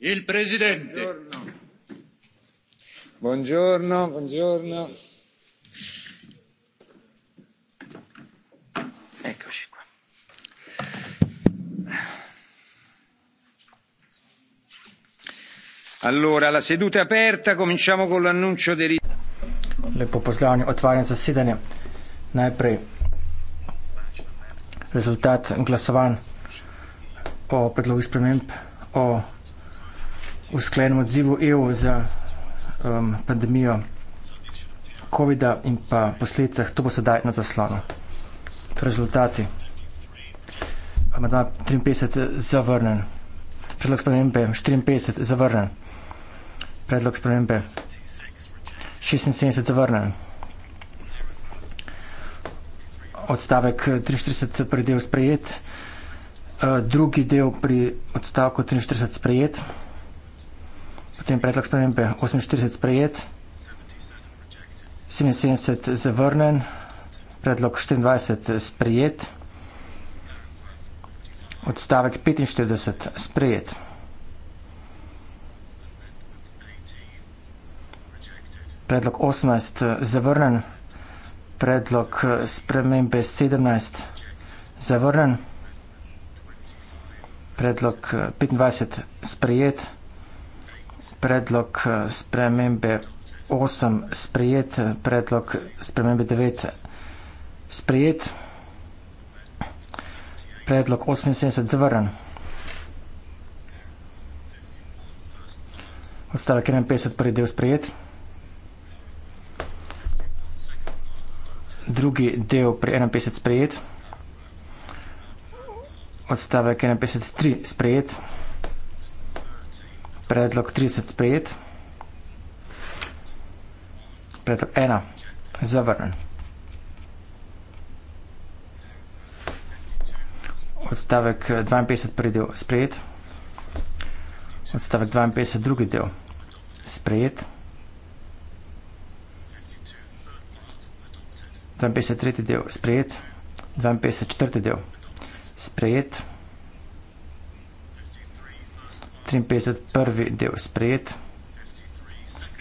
il presidente buongiorno buongiorno eccoci qua allora la seduta è aperta cominciamo con l'annuncio dei lepo pozdravljeni otvaren zasedanje najprej rezultat glasovanj o predlogih sprememb o usklenem odzivu EU za um, pandemijo COVID-19 in pa posledicah, to bo sedaj na zaslonu. To rezultati. Amandma 53 zavrnen. Predlog spremembe 54 zavrnen. Predlog spremembe 76 zavrnen. Odstavek 43 pri delu sprejet. Uh, drugi del pri odstavku 43 sprejet s tem predlog spremembe 48 sprejet, 77 zavrnen, predlog 24 sprejet, odstavek 45 sprejet. Predlog 18 zavrnen, predlog spremembe 17 zavrnen, predlog 25 sprejet, predlog eh, spremembe 8 sprejet, predlog spremembe 9 sprejet, predlog 78 zavrnen. Odstavek 51 prvi del sprejet. Drugi del pri 51 sprejet. Odstavek 51 3 sprejet. Predlog 30 sprejet. Predlog 1 zavrnen. Odstavek 52 eh, prvi del sprejet. Odstavek 52 drugi del sprejet. 52 tretji del sprejet. 52 četrti del sprejet. 53 prvi del sprejet,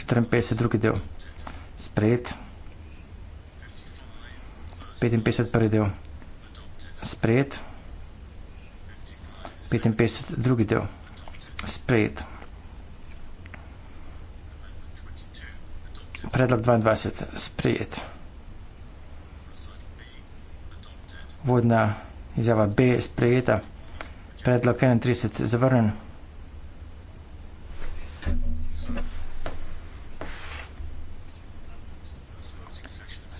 54 drugi del sprejet, 55 prvi del sprejet, 55 drugi del sprejet. Predlog 22 sprejet. Vodna izjava B sprejeta. Predlog 31 zavrnen.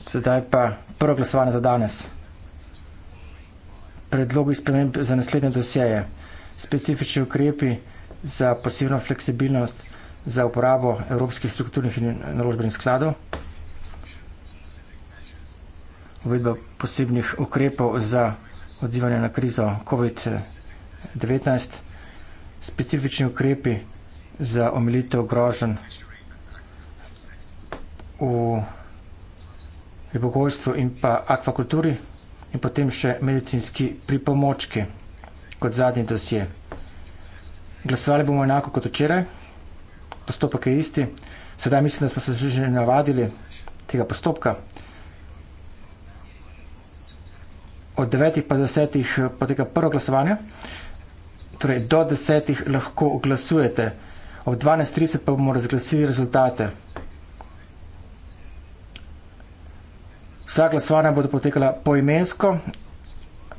Sedaj pa prvo glasovanje za danes. Predlogi sprememb za naslednje dosjeje. Specifični ukrepi za pasivno fleksibilnost za uporabo evropskih strukturnih in naložbenih skladov. Uvedba posebnih ukrepov za odzivanje na krizo COVID-19. Specifični ukrepi za omilitev groženj v ribogojstvu in pa akvakulturi in potem še medicinski pripomočki kot zadnji dosje. Glasovali bomo enako kot včeraj, postopek je isti. Sedaj mislim, da smo se že navadili tega postopka. Od devetih pa desetih poteka prvo glasovanje, torej do desetih lahko glasujete. Ob 12.30 pa bomo razglasili rezultate. Vsa glasovanja bodo potekala poimensko,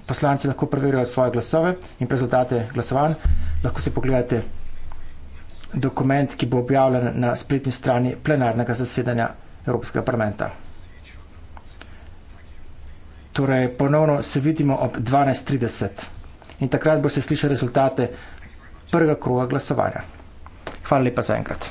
poslanci lahko preverijo svoje glasove in rezultate glasovanj. Lahko si pogledate dokument, ki bo objavljen na spletni strani plenarnega zasedanja Evropskega parlamenta. Torej, ponovno se vidimo ob 12.30 in takrat boste slišali rezultate prvega kroga glasovanja. Hvala lepa za enkrat.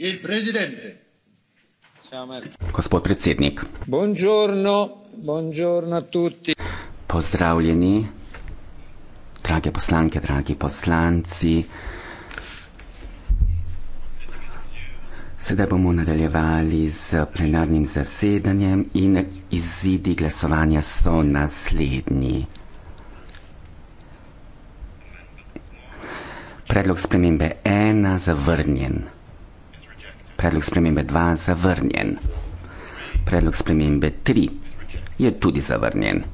Il presidente. Gospod predsednik. Buongiorno, buongiorno tutti. Pozdravljeni, drage poslanke, dragi poslanci. Sedaj bomo nadaljevali z plenarnim zasedanjem in izidi glasovanja so naslednji. Predlog spremembe ena zavrnjen predlog spremembe 2 zavrnjen. Predlog spremembe 3 je tudi zavrnjen.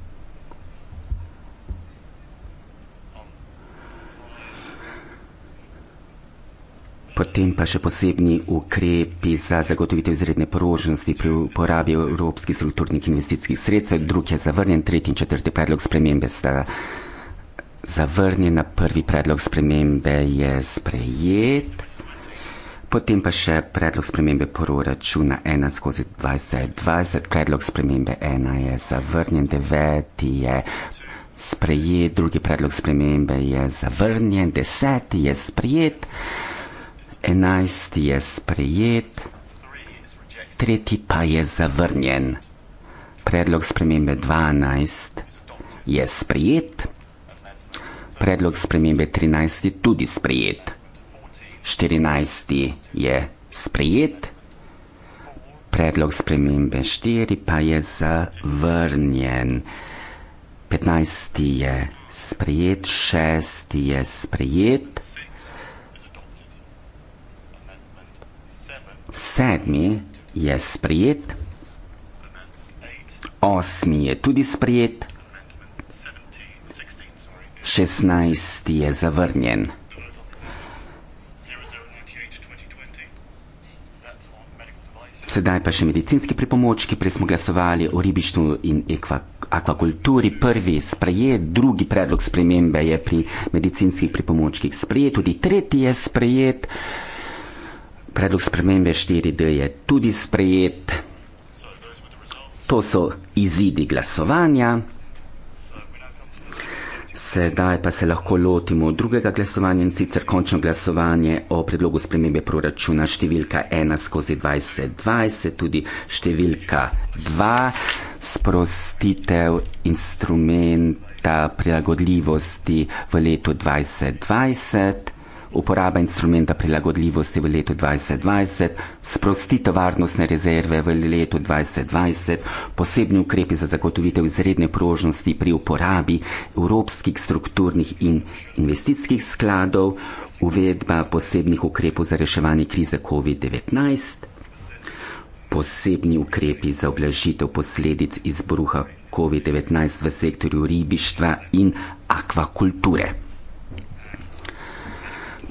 Potem pa še posebni ukrepi za zagotovitev izredne porožnosti pri uporabi evropskih strukturnih investicijskih sredstev. Drugi je zavrnjen, tretji in četrti predlog spremembe sta zavrnjena. Prvi predlog spremembe je sprejet. Potem pa še predlog spremembe proračuna 1 skozi 2020. Predlog spremembe 1 je zavrnjen, 9 je sprejet, drugi predlog spremembe je zavrnjen, 10 je sprejet, 11 je sprejet, tretji pa je zavrnjen. Predlog spremembe 12 je sprejet, predlog spremembe 13 je tudi sprejet. 14. je sprejet, predlog spremembe 4 pa je zavrnjen. 15. je sprejet, 6. je sprejet. Sedmi je sprijet, osmi je tudi sprijet, šestnajsti je zavrnjen. Sedaj pa še medicinski pripomočki, prej smo glasovali o ribištvu in akvakulturi. Prvi sprejet, drugi predlog spremembe je pri medicinskih pripomočkih sprejet, tudi tretji je sprejet, predlog spremembe 4D je tudi sprejet. To so izidi glasovanja. Sedaj pa se lahko lotimo drugega glasovanja in sicer končno glasovanje o predlogu spremembe proračuna številka 1 skozi 2020, tudi številka 2, sprostitev instrumenta prilagodljivosti v letu 2020 uporaba instrumenta prilagodljivosti v letu 2020, sprostitev varnostne rezerve v letu 2020, posebni ukrepi za zagotovitev izredne prožnosti pri uporabi evropskih strukturnih in investicijskih skladov, uvedba posebnih ukrepov za reševanje krize COVID-19, posebni ukrepi za oblažitev posledic izbruha COVID-19 v sektorju ribištva in akvakulture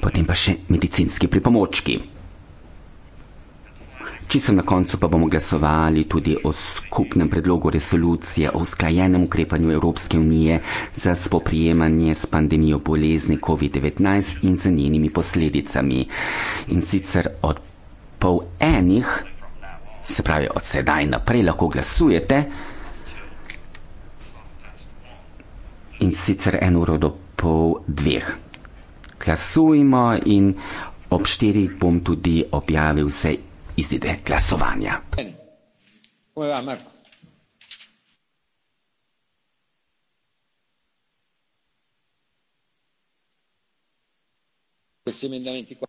potem pa še medicinski pripomočki. Čisto na koncu pa bomo glasovali tudi o skupnem predlogu resolucije o usklajenem ukrepanju Evropske unije za spoprijemanje s pandemijo bolezni COVID-19 in za njenimi posledicami. In sicer od pol enih, se pravi od sedaj naprej, lahko glasujete. In sicer en uro do pol dveh glasujmo in ob štirih bom tudi objavil vse izide glasovanja. Questi emendamenti qua.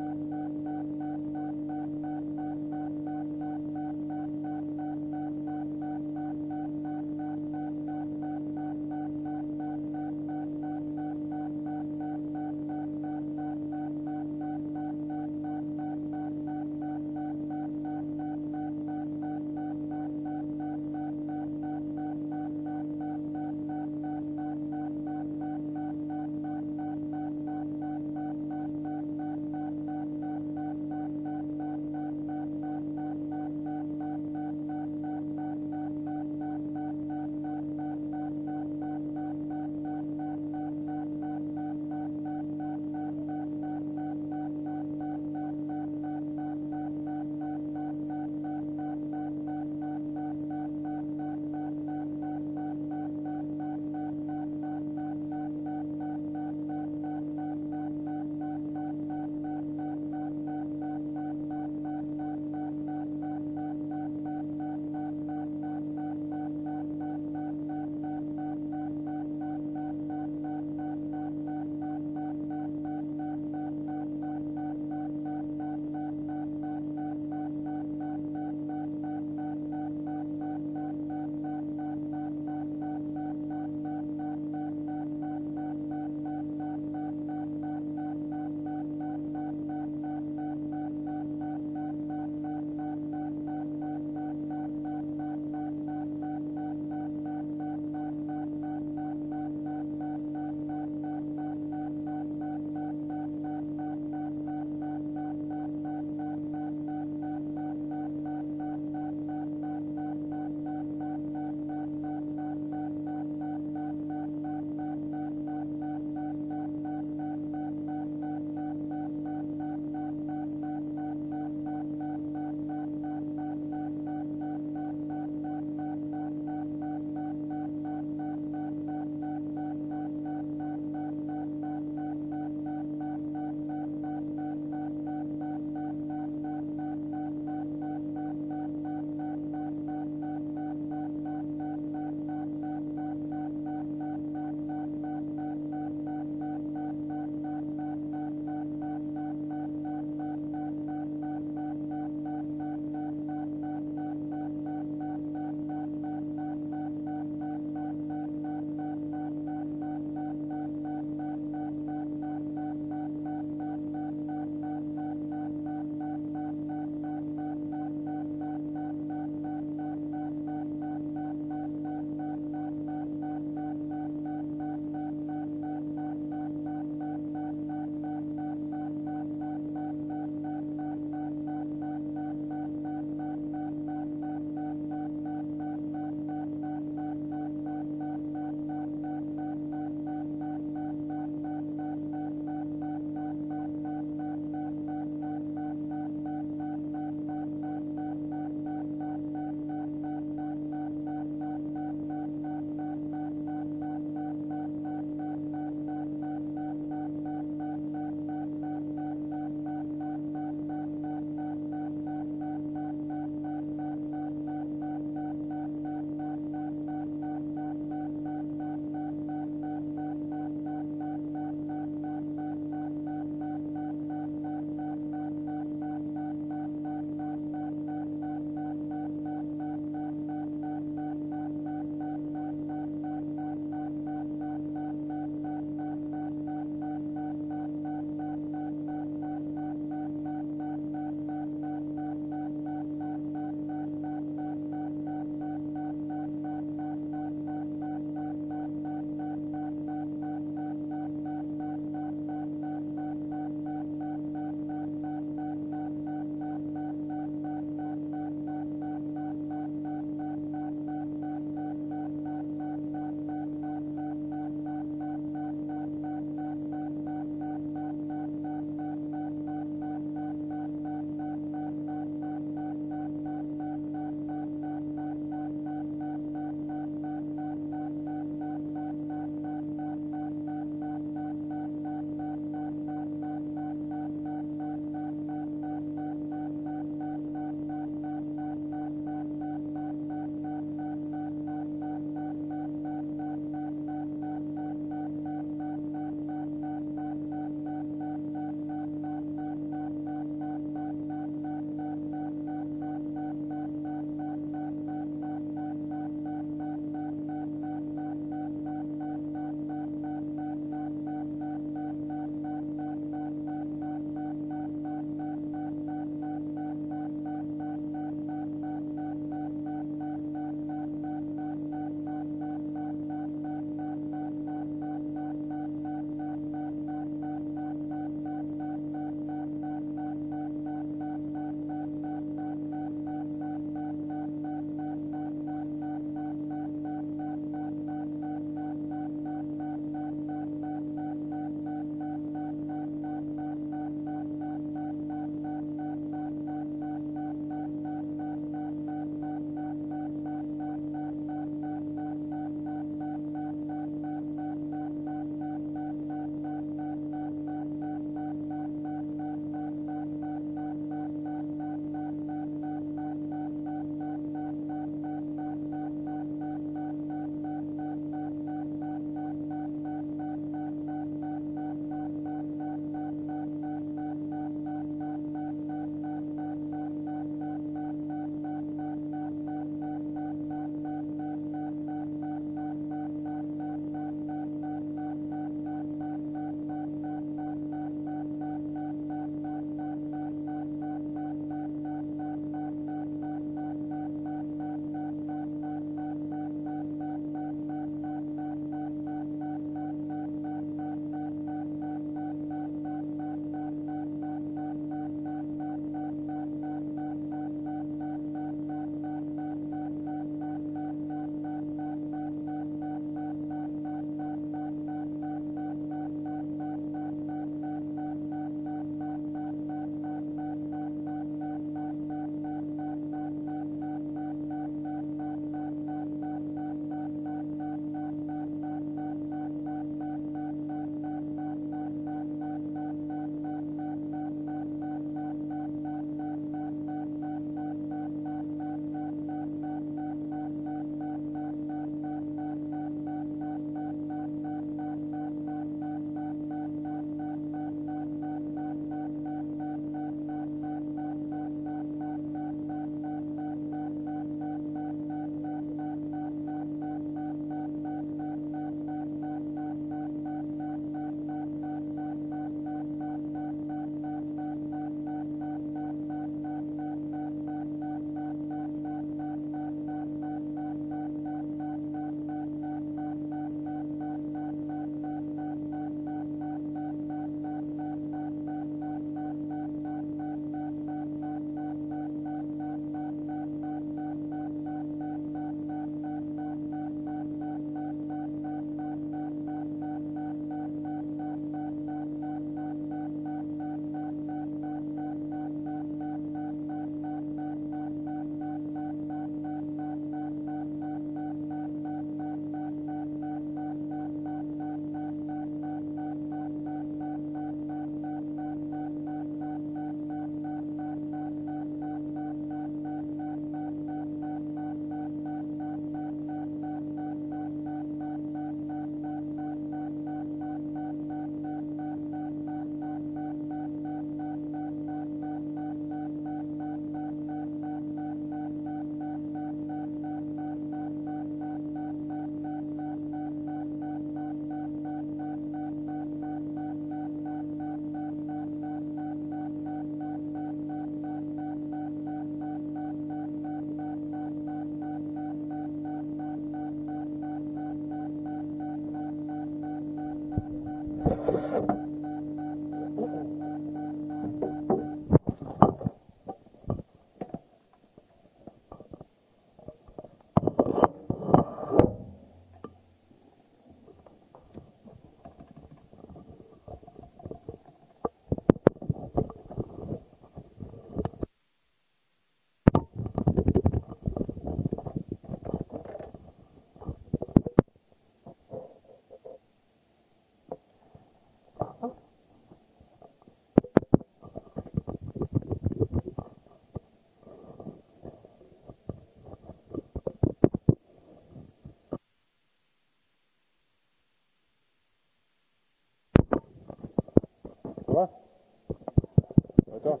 D'accord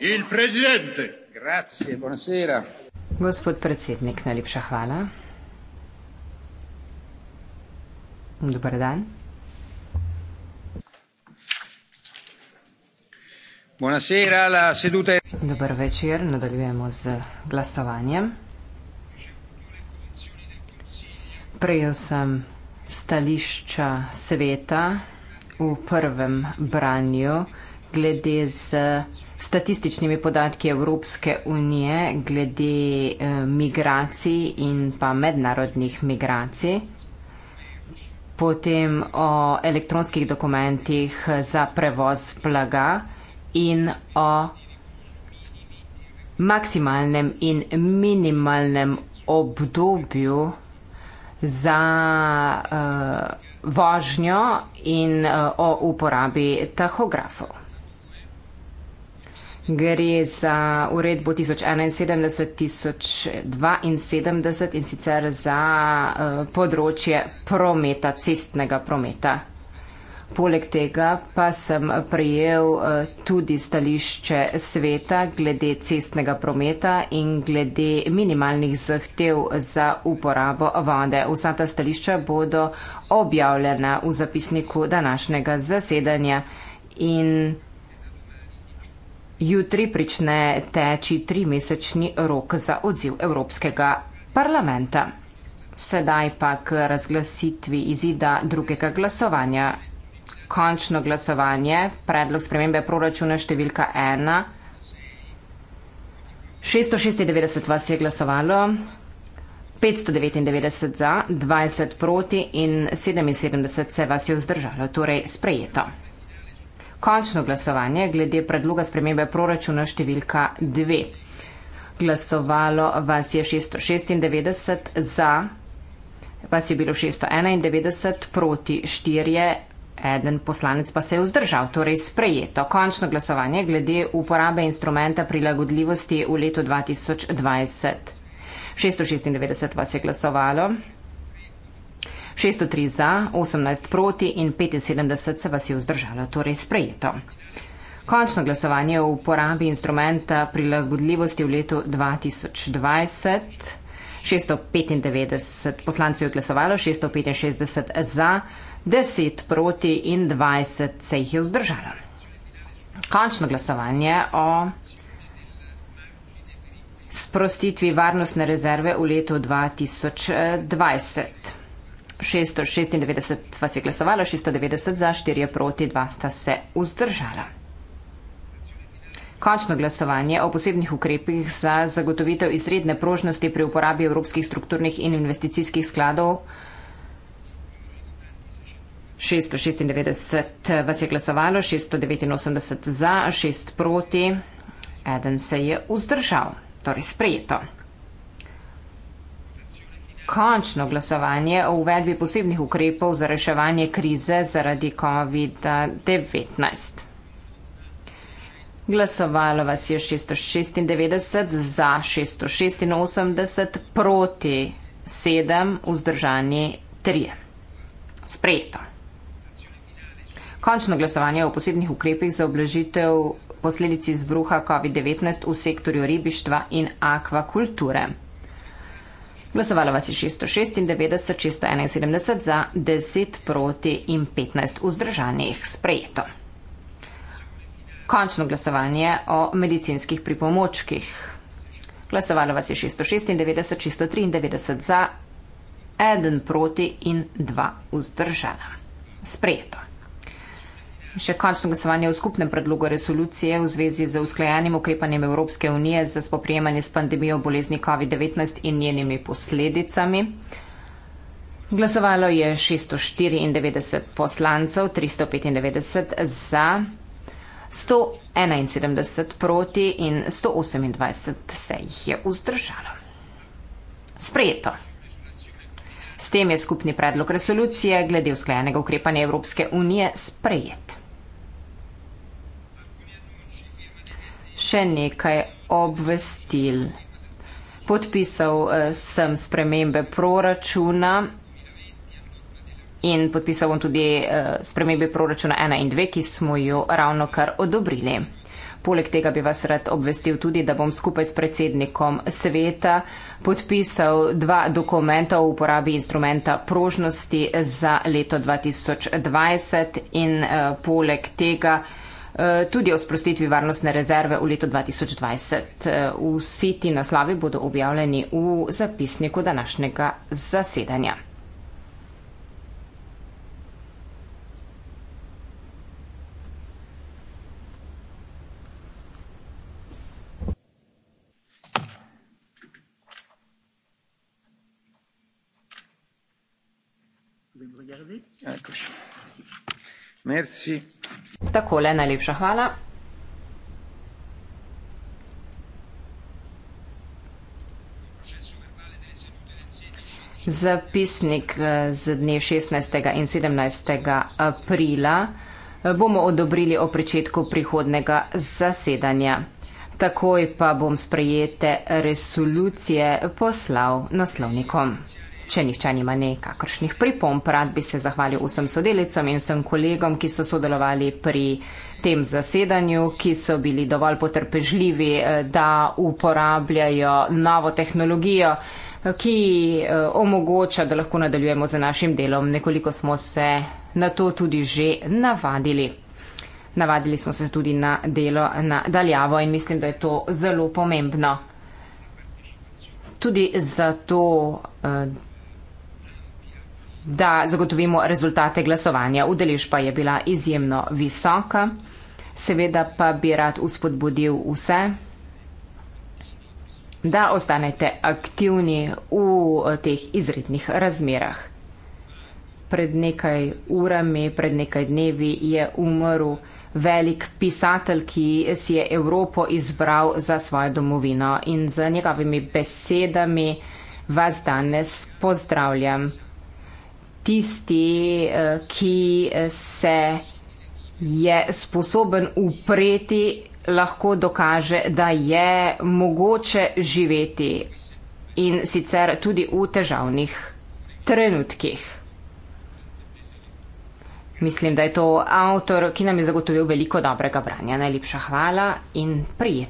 Il presidente. Grazie, buonasera. Gospod predsednik, najlepša hvala. Dobar dan. Buonasera, la seduta je... Dobar večer, nadaljujemo z glasovanjem. Prejel sem stališča sveta v prvem branju glede z statističnimi podatki Evropske unije, glede eh, migracij in pa mednarodnih migracij, potem o elektronskih dokumentih za prevoz blaga in o maksimalnem in minimalnem obdobju za uh, vožnjo in uh, o uporabi tahografov. Gre za uredbo 1071-1072 in sicer za eh, področje prometa, cestnega prometa. Poleg tega pa sem prijel eh, tudi stališče sveta glede cestnega prometa in glede minimalnih zahtev za uporabo vode. Vsa ta stališča bodo objavljena v zapisniku današnjega zasedanja in Jutri prične teči trimesečni rok za odziv Evropskega parlamenta. Sedaj pa k razglasitvi izida drugega glasovanja. Končno glasovanje, predlog spremembe proračuna številka 1. 696 vas je glasovalo, 599 za, 20 proti in 77 se vas je vzdržalo, torej sprejeto končno glasovanje glede predloga spremembe proračuna številka 2. Glasovalo vas je 696 za, vas je bilo 691 proti 4. Eden poslanec pa se je vzdržal, torej sprejeto končno glasovanje glede uporabe instrumenta prilagodljivosti v letu 2020. 696 vas je glasovalo. 603 za, 18 proti in 75 se vas je vzdržalo, torej sprejeto. Končno glasovanje o uporabi instrumenta prilagodljivosti v letu 2020. 695 poslancev je glasovalo, 665 za, 10 proti in 20 se jih je vzdržalo. Končno glasovanje o sprostitvi varnostne rezerve v letu 2020. 696 vas je glasovalo, 690 za, 4 proti, 2 sta se vzdržala. Končno glasovanje o posebnih ukrepih za zagotovitev izredne prožnosti pri uporabi evropskih strukturnih in investicijskih skladov. 696 vas je glasovalo, 689 za, 6 proti, eden se je vzdržal, torej sprejeto končno glasovanje o uvedbi posebnih ukrepov za reševanje krize zaradi COVID-19. Glasovalo vas je 696 za 686 proti 7 vzdržani 3. Sprejeto. Končno glasovanje o posebnih ukrepih za oblažitev posledici izbruha COVID-19 v sektorju ribištva in akvakulture. Glasovalo vas je 696, 671 za, 10 proti in 15 vzdržanih sprejeto. Končno glasovanje o medicinskih pripomočkih. Glasovalo vas je 696, 693 za, 1 proti in 2 vzdržana. Sprejeto še končno glasovanje o skupnem predlogu resolucije v zvezi z usklajenim ukrepanjem Evropske unije za spoprijemanje s pandemijo bolezni COVID-19 in njenimi posledicami. Glasovalo je 694 poslancev, 395 za, 171 proti in 128 se jih je vzdržalo. Sprejeto. S tem je skupni predlog resolucije glede usklajenega ukrepanja Evropske unije sprejet. še nekaj obvestil. Podpisal eh, sem spremembe proračuna in podpisal bom tudi eh, spremembe proračuna 1 in 2, ki smo jo ravno kar odobrili. Poleg tega bi vas rad obvestil tudi, da bom skupaj s predsednikom sveta podpisal dva dokumenta o uporabi instrumenta prožnosti za leto 2020 in eh, poleg tega. Eh, tudi o sprostitvi varnostne rezerve v letu 2020. Eh, vsi ti naslavi bodo objavljeni v zapisniku današnjega zasedanja. Merci. Takole, najlepša hvala. Zapisnik eh, z dne 16. in 17. aprila eh, bomo odobrili o pričetku prihodnega zasedanja. Takoj pa bom sprejete resolucije poslal naslovnikom. Če nihče nima nekakršnih pripomp, rad bi se zahvalil vsem sodelicom in vsem kolegom, ki so sodelovali pri tem zasedanju, ki so bili dovolj potrpežljivi, eh, da uporabljajo novo tehnologijo, eh, ki eh, omogoča, da lahko nadaljujemo z našim delom. Nekoliko smo se na to tudi že navadili. Navadili smo se tudi na delo na daljavo in mislim, da je to zelo pomembno. Tudi zato, da zagotovimo rezultate glasovanja. Udeležba je bila izjemno visoka. Seveda pa bi rad uspodbudil vse, da ostanete aktivni v teh izrednih razmerah. Pred nekaj urami, pred nekaj dnevi je umrl velik pisatelj, ki si je Evropo izbral za svojo domovino in z njegovimi besedami vas danes pozdravljam tisti, eh, ki eh, se je sposoben upreti, lahko dokaže, da je mogoče živeti in sicer tudi v težavnih trenutkih. Mislim, da je to avtor, ki nam je zagotovil veliko dobrega branja. Najlepša hvala in prijetno.